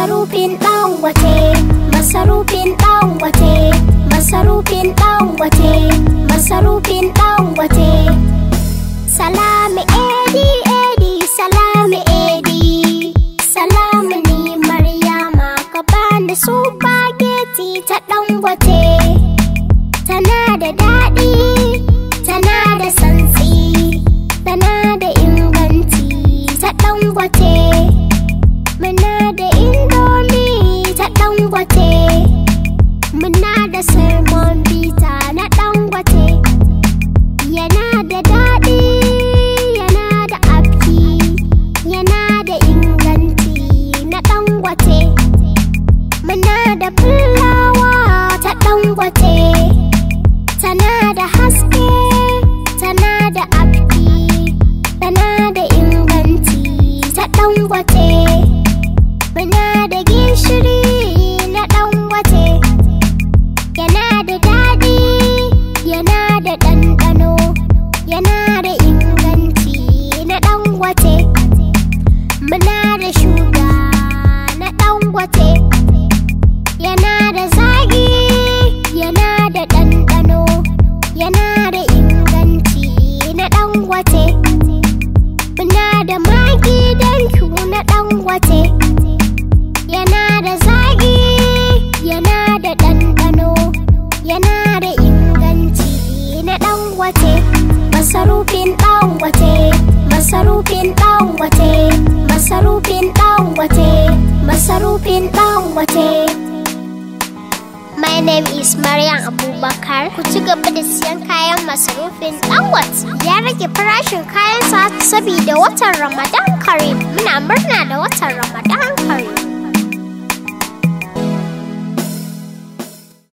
masarufin dangote masarufin dangote masarufin dangote masarufin dangote salami edi edi salami edi salami ni maryama ka bani supageti ta dangote tana da daɗi tana da santsi tana da tana da fulawa ta dangote tana da haske tana da afki tana da inganci ta dangote tana da gishiri Na da inganci na ɗanwate masarufin dangote masarufin dangote masarufin dangote masarufin dangote My name is Maryam Abubakar. Ku ci gaba da siyan kayan masarufin Dangote. Ya rage farashin kayan saboda watan Ramadan Karim. Muna murna da watan Ramadan Karim.